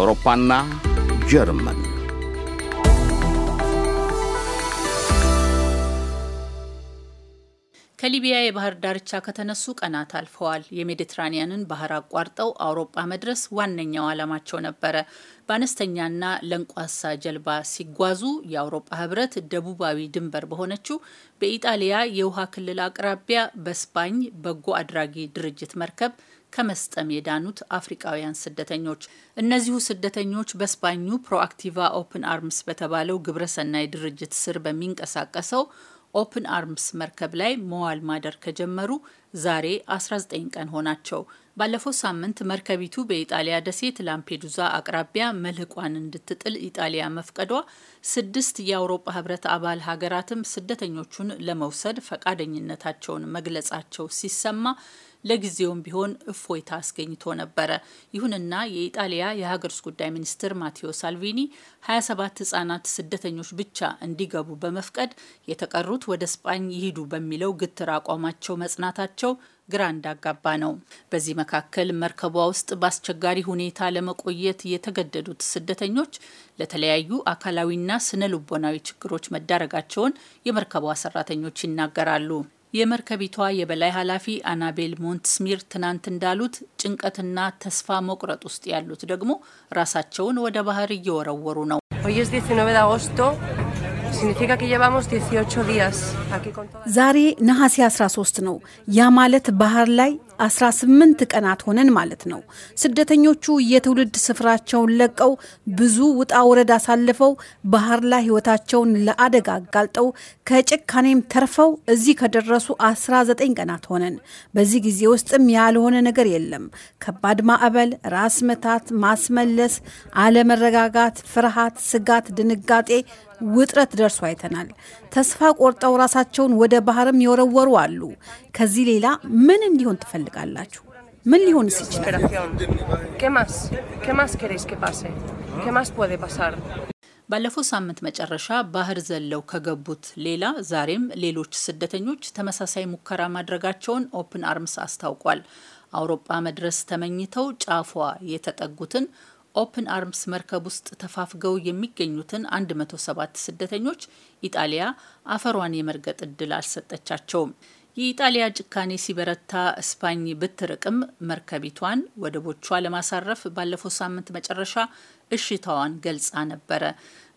አውሮፓና ጀርመን ከሊቢያ የባህር ዳርቻ ከተነሱ ቀናት አልፈዋል። የሜዲትራኒያንን ባህር አቋርጠው አውሮፓ መድረስ ዋነኛው ዓላማቸው ነበረ። በአነስተኛና ለንቋሳ ጀልባ ሲጓዙ የአውሮፓ ህብረት ደቡባዊ ድንበር በሆነችው በኢጣሊያ የውሃ ክልል አቅራቢያ በስፓኝ በጎ አድራጊ ድርጅት መርከብ ከመስጠም የዳኑት አፍሪቃውያን ስደተኞች። እነዚሁ ስደተኞች በስፓኙ ፕሮአክቲቫ ኦፕን አርምስ በተባለው ግብረሰናይ ድርጅት ስር በሚንቀሳቀሰው ኦፕን አርምስ መርከብ ላይ መዋል ማደር ከጀመሩ ዛሬ 19 ቀን ሆናቸው። ባለፈው ሳምንት መርከቢቱ በኢጣሊያ ደሴት ላምፔዱዛ አቅራቢያ መልህቋን እንድትጥል ኢጣሊያ መፍቀዷ ስድስት የአውሮፓ ህብረት አባል ሀገራትም ስደተኞቹን ለመውሰድ ፈቃደኝነታቸውን መግለጻቸው ሲሰማ ለጊዜውም ቢሆን እፎይታ አስገኝቶ ነበረ። ይሁንና የኢጣሊያ የሀገር ውስጥ ጉዳይ ሚኒስትር ማቴዎ ሳልቪኒ 27 ህጻናት ስደተኞች ብቻ እንዲገቡ በመፍቀድ የተቀሩት ወደ ስጳኝ ይሂዱ በሚለው ግትር አቋማቸው መጽናታቸው ግራ እንዳጋባ ነው። በዚህ መካከል መርከቧ ውስጥ በአስቸጋሪ ሁኔታ ለመቆየት የተገደዱት ስደተኞች ለተለያዩ አካላዊና ስነ ልቦናዊ ችግሮች መዳረጋቸውን የመርከቧ ሰራተኞች ይናገራሉ። የመርከቢቷ የበላይ ኃላፊ አናቤል ሞንትስሚር ትናንት እንዳሉት ጭንቀትና ተስፋ መቁረጥ ውስጥ ያሉት ደግሞ ራሳቸውን ወደ ባህር እየወረወሩ ነው። significa que llevamos 18 días aquí con ዛሬ ነሐሴ 13 ነው። ያ ማለት ባህር ላይ 18 ቀናት ሆነን ማለት ነው። ስደተኞቹ የትውልድ ስፍራቸውን ለቀው ብዙ ውጣ ውረድ አሳልፈው ባህር ላይ ህይወታቸውን ለአደጋ አጋልጠው ከጭካኔም ተርፈው እዚህ ከደረሱ 19 ቀናት ሆነን። በዚህ ጊዜ ውስጥም ያልሆነ ነገር የለም። ከባድ ማዕበል፣ ራስ መታት፣ ማስመለስ፣ አለመረጋጋት፣ ፍርሃት፣ ስጋት፣ ድንጋጤ ውጥረት ደርሶ አይተናል። ተስፋ ቆርጠው ራሳቸውን ወደ ባህርም የወረወሩ አሉ። ከዚህ ሌላ ምን እንዲሆን ትፈልጋል? ትፈልጋላችሁ? ምን ሊሆንስ ይችላል? ባለፈው ሳምንት መጨረሻ ባህር ዘለው ከገቡት ሌላ ዛሬም ሌሎች ስደተኞች ተመሳሳይ ሙከራ ማድረጋቸውን ኦፕን አርምስ አስታውቋል። አውሮፓ መድረስ ተመኝተው ጫፏ የተጠጉትን ኦፕን አርምስ መርከብ ውስጥ ተፋፍገው የሚገኙትን 107 ስደተኞች ኢጣሊያ አፈሯን የመርገጥ እድል አልሰጠቻቸውም። የኢጣሊያ ጭካኔ ሲበረታ እስፓኝ ብትርቅም መርከቢቷን ወደቦቿ ለማሳረፍ ባለፈው ሳምንት መጨረሻ እሽታዋን ገልጻ ነበረ።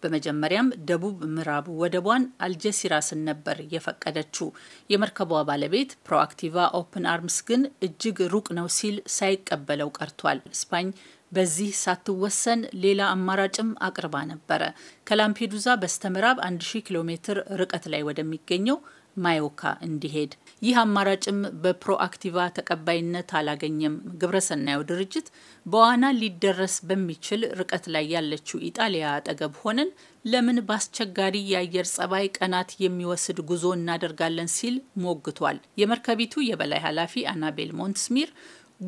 በመጀመሪያም ደቡብ ምዕራብ ወደቧን አልጀሲራስን ነበር የፈቀደችው። የመርከቧ ባለቤት ፕሮአክቲቫ ኦፕን አርምስ ግን እጅግ ሩቅ ነው ሲል ሳይቀበለው ቀርቷል። እስፓኝ በዚህ ሳትወሰን ሌላ አማራጭም አቅርባ ነበረ። ከላምፔዱዛ በስተምዕራብ 1000 ኪሎ ሜትር ርቀት ላይ ወደሚገኘው ማዮካ እንዲሄድ ይህ አማራጭም በፕሮአክቲቫ ተቀባይነት አላገኘም። ግብረሰናዩ ድርጅት በዋና ሊደረስ በሚችል ርቀት ላይ ያለችው ኢጣሊያ አጠገብ ሆነን ለምን በአስቸጋሪ የአየር ጸባይ ቀናት የሚወስድ ጉዞ እናደርጋለን ሲል ሞግቷል። የመርከቢቱ የበላይ ኃላፊ አናቤል ሞንትስሚር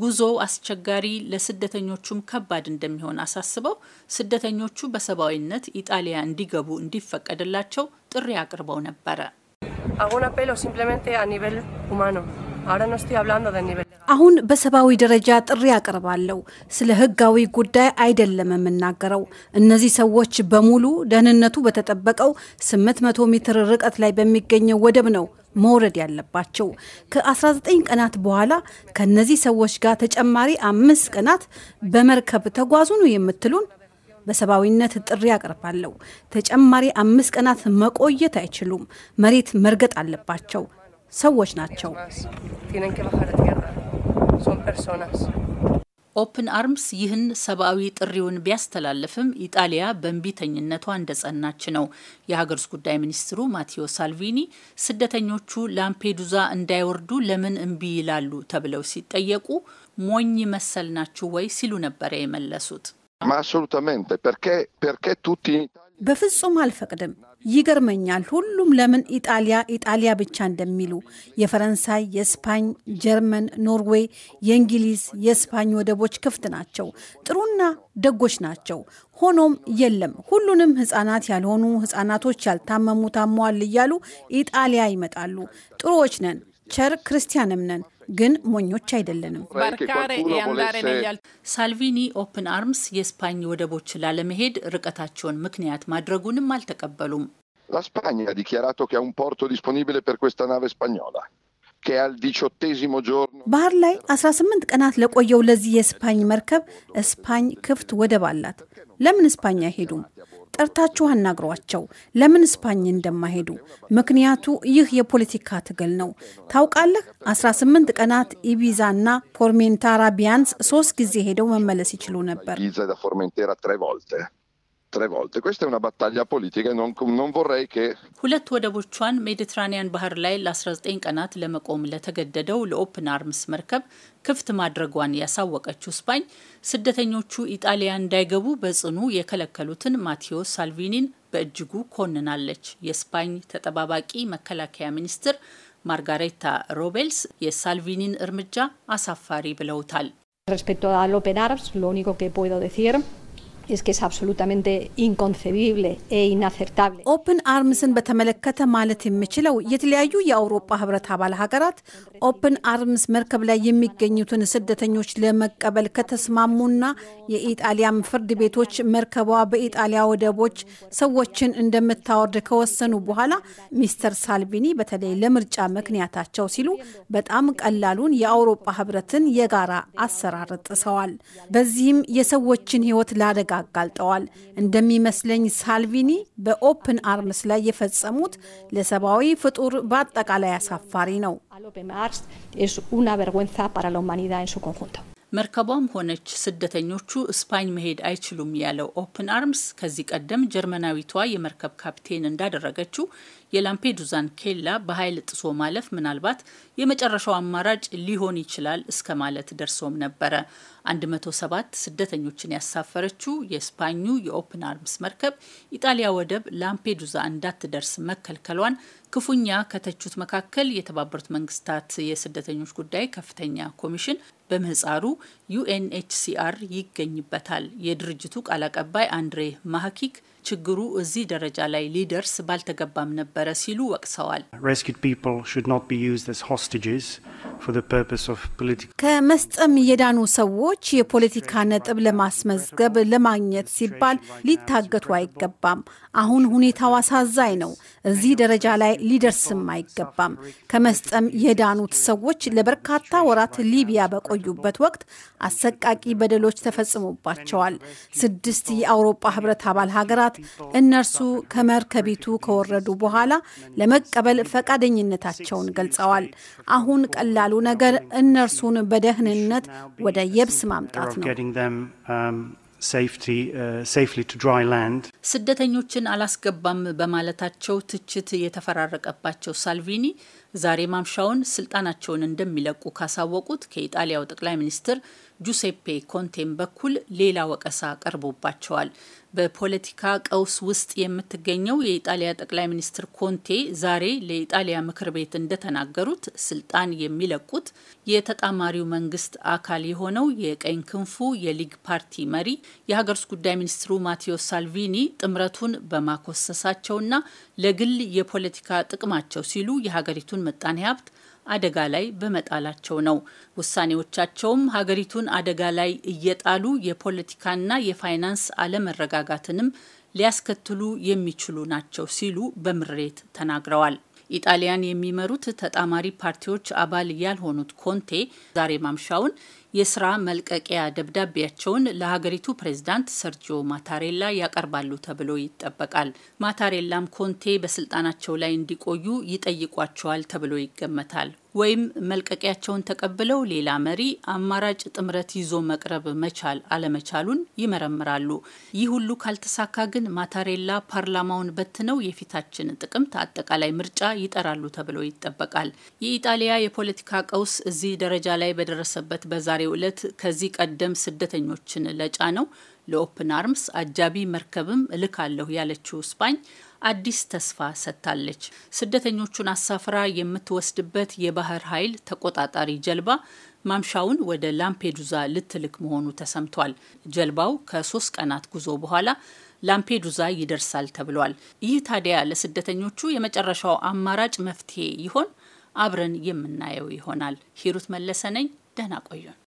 ጉዞ አስቸጋሪ ለስደተኞቹም ከባድ እንደሚሆን አሳስበው ስደተኞቹ በሰብአዊነት ኢጣሊያ እንዲገቡ እንዲፈቀድላቸው ጥሪ አቅርበው ነበረ። hago un apelo simplemente a nivel humano. Ahora no estoy hablando de nivel አሁን በሰብአዊ ደረጃ ጥሪ አቀርባለሁ። ስለ ሕጋዊ ጉዳይ አይደለም የምናገረው። እነዚህ ሰዎች በሙሉ ደህንነቱ በተጠበቀው 800 ሜትር ርቀት ላይ በሚገኘው ወደብ ነው መውረድ ያለባቸው። ከ19 ቀናት በኋላ ከነዚህ ሰዎች ጋር ተጨማሪ አምስት ቀናት በመርከብ ተጓዙ ነው የምትሉን? በሰብአዊነት ጥሪ አቀርባለሁ። ተጨማሪ አምስት ቀናት መቆየት አይችሉም። መሬት መርገጥ አለባቸው። ሰዎች ናቸው። ኦፕን አርምስ ይህን ሰብአዊ ጥሪውን ቢያስተላልፍም ኢጣሊያ በእንቢተኝነቷ እንደጸናች ነው። የሀገር ውስጥ ጉዳይ ሚኒስትሩ ማቴዎ ሳልቪኒ ስደተኞቹ ላምፔዱዛ እንዳይወርዱ ለምን እምቢ ይላሉ ተብለው ሲጠየቁ ሞኝ መሰል ናችሁ ወይ ሲሉ ነበረ የመለሱት። Ma assolutamente, perché, perché tutti በፍጹም አልፈቅድም። ይገርመኛል ሁሉም ለምን ኢጣሊያ ኢጣሊያ ብቻ እንደሚሉ የፈረንሳይ፣ የስፓኝ፣ ጀርመን፣ ኖርዌይ፣ የእንግሊዝ፣ የስፓኝ ወደቦች ክፍት ናቸው። ጥሩና ደጎች ናቸው። ሆኖም የለም ሁሉንም ህጻናት ያልሆኑ ህጻናቶች ያልታመሙ ታመዋል እያሉ ኢጣሊያ ይመጣሉ። ጥሩዎች ነን፣ ቸር ክርስቲያንም ነን። ግን ሞኞች አይደለንም። ሳልቪኒ ኦፕን አርምስ የስፓኝ ወደቦች ላለመሄድ ርቀታቸውን ምክንያት ማድረጉንም አልተቀበሉም። La Spagna ha dichiarato che ባህር ላይ 18 ቀናት ለቆየው ለዚህ የስፓኝ መርከብ ስፓኝ ክፍት ወደብ አላት። ለምን ስፓኝ አይሄዱም? ጠርታችሁ አናግሯቸው ለምን እስፓኝ እንደማይሄዱ። ምክንያቱ ይህ የፖለቲካ ትግል ነው። ታውቃለህ 18 ቀናት ኢቢዛ እና ፎርሜንታራ ቢያንስ ሶስት ጊዜ ሄደው መመለስ ይችሉ ነበር። tre volte. Questa è una battaglia politica e non, non vorrei che ሁለት ወደቦቿን ሜዲትራኒያን ባህር ላይ ለ19 ቀናት ለመቆም ለተገደደው ለኦፕን አርምስ መርከብ ክፍት ማድረጓን ያሳወቀችው ስፓኝ ስደተኞቹ ኢጣሊያ እንዳይገቡ በጽኑ የከለከሉትን ማቴዎ ሳልቪኒን በእጅጉ ኮንናለች። የስፓኝ ተጠባባቂ መከላከያ ሚኒስትር ማርጋሬታ ሮቤልስ የሳልቪኒን እርምጃ አሳፋሪ ብለውታል። es que es absolutamente inconcebible e inaceptable. ኦፕን አርምስን በተመለከተ ማለት የምችለው የተለያዩ የአውሮፓ ህብረት አባል ሀገራት ኦፕን አርምስ መርከብ ላይ የሚገኙትን ስደተኞች ለመቀበል ከተስማሙና የኢጣሊያም ፍርድ ቤቶች መርከቧ በኢጣሊያ ወደቦች ሰዎችን እንደምታወርድ ከወሰኑ በኋላ ሚስተር ሳልቪኒ በተለይ ለምርጫ ምክንያታቸው ሲሉ በጣም ቀላሉን የአውሮፓ ህብረትን የጋራ አሰራር ጥሰዋል። በዚህም የሰዎችን ህይወት ለአደጋ አጋልጠዋል። እንደሚመስለኝ ሳልቪኒ በኦፕን አርምስ ላይ የፈጸሙት ለሰብአዊ ፍጡር በአጠቃላይ አሳፋሪ ነው። መርከቧም ሆነች ስደተኞቹ እስፓኝ መሄድ አይችሉም ያለው ኦፕን አርምስ ከዚህ ቀደም ጀርመናዊቷ የመርከብ ካፕቴን እንዳደረገችው የላምፔዱዛን ኬላ በኃይል ጥሶ ማለፍ ምናልባት የመጨረሻው አማራጭ ሊሆን ይችላል እስከ ማለት ደርሶም ነበረ። 107 ስደተኞችን ያሳፈረችው የስፓኙ የኦፕን አርምስ መርከብ ኢጣሊያ ወደብ ላምፔዱዛ እንዳትደርስ መከልከሏን ክፉኛ ከተቹት መካከል የተባበሩት መንግስታት የስደተኞች ጉዳይ ከፍተኛ ኮሚሽን በምህፃሩ ዩኤንኤችሲአር ይገኝበታል። የድርጅቱ ቃል አቀባይ አንድሬ ማሀኪክ ችግሩ እዚህ ደረጃ ላይ ሊደርስ ባልተገባም ነበረ ሲሉ ወቅሰዋል። ከመስጠም የዳኑ ሰዎች የፖለቲካ ነጥብ ለማስመዝገብ ለማግኘት ሲባል ሊታገቱ አይገባም። አሁን ሁኔታው አሳዛኝ ነው። እዚህ ደረጃ ላይ ሊደርስም አይገባም። ከመስጠም የዳኑት ሰዎች ለበርካታ ወራት ሊቢያ በቆዩበት ወቅት አሰቃቂ በደሎች ተፈጽሞባቸዋል። ስድስት የአውሮፓ ህብረት አባል ሀገራት ሰዓት እነርሱ ከመርከቢቱ ከወረዱ በኋላ ለመቀበል ፈቃደኝነታቸውን ገልጸዋል። አሁን ቀላሉ ነገር እነርሱን በደህንነት ወደ የብስ ማምጣት ነው። um, uh, ስደተኞችን አላስገባም በማለታቸው ትችት የተፈራረቀባቸው ሳልቪኒ ዛሬ ማምሻውን ስልጣናቸውን እንደሚለቁ ካሳወቁት ከኢጣሊያው ጠቅላይ ሚኒስትር ጁሴፔ ኮንቴም በኩል ሌላ ወቀሳ ቀርቦባቸዋል። በፖለቲካ ቀውስ ውስጥ የምትገኘው የኢጣሊያ ጠቅላይ ሚኒስትር ኮንቴ ዛሬ ለኢጣሊያ ምክር ቤት እንደተናገሩት ስልጣን የሚለቁት የተጣማሪው መንግስት አካል የሆነው የቀኝ ክንፉ የሊግ ፓርቲ መሪ የሀገር ውስጥ ጉዳይ ሚኒስትሩ ማቴዎ ሳልቪኒ ጥምረቱን በማኮሰሳቸውና ለግል የፖለቲካ ጥቅማቸው ሲሉ የሀገሪቱን የሀገሪቱን ምጣኔ ሀብት አደጋ ላይ በመጣላቸው ነው። ውሳኔዎቻቸውም ሀገሪቱን አደጋ ላይ እየጣሉ የፖለቲካና የፋይናንስ አለመረጋጋትንም ሊያስከትሉ የሚችሉ ናቸው ሲሉ በምሬት ተናግረዋል። ኢጣሊያን የሚመሩት ተጣማሪ ፓርቲዎች አባል ያልሆኑት ኮንቴ ዛሬ ማምሻውን የስራ መልቀቂያ ደብዳቤያቸውን ለሀገሪቱ ፕሬዝዳንት ሰርጂዮ ማታሬላ ያቀርባሉ ተብሎ ይጠበቃል። ማታሬላም ኮንቴ በስልጣናቸው ላይ እንዲቆዩ ይጠይቋቸዋል ተብሎ ይገመታል። ወይም መልቀቂያቸውን ተቀብለው ሌላ መሪ አማራጭ ጥምረት ይዞ መቅረብ መቻል አለመቻሉን ይመረምራሉ። ይህ ሁሉ ካልተሳካ ግን ማታሬላ ፓርላማውን በትነው የፊታችን ጥቅምት አጠቃላይ ምርጫ ይጠራሉ ተብሎ ይጠበቃል። የኢጣሊያ የፖለቲካ ቀውስ እዚህ ደረጃ ላይ በደረሰበት በዛሬ በዛሬው ዕለት ከዚህ ቀደም ስደተኞችን ለጫነው ለኦፕን አርምስ አጃቢ መርከብም እልካለሁ ያለችው ስፓኝ አዲስ ተስፋ ሰጥታለች። ስደተኞቹን አሳፍራ የምትወስድበት የባህር ኃይል ተቆጣጣሪ ጀልባ ማምሻውን ወደ ላምፔዱዛ ልትልክ መሆኑ ተሰምቷል። ጀልባው ከሶስት ቀናት ጉዞ በኋላ ላምፔዱዛ ይደርሳል ተብሏል። ይህ ታዲያ ለስደተኞቹ የመጨረሻው አማራጭ መፍትሄ ይሆን? አብረን የምናየው ይሆናል። ሂሩት መለሰ ነኝ። ደህና ቆዩን።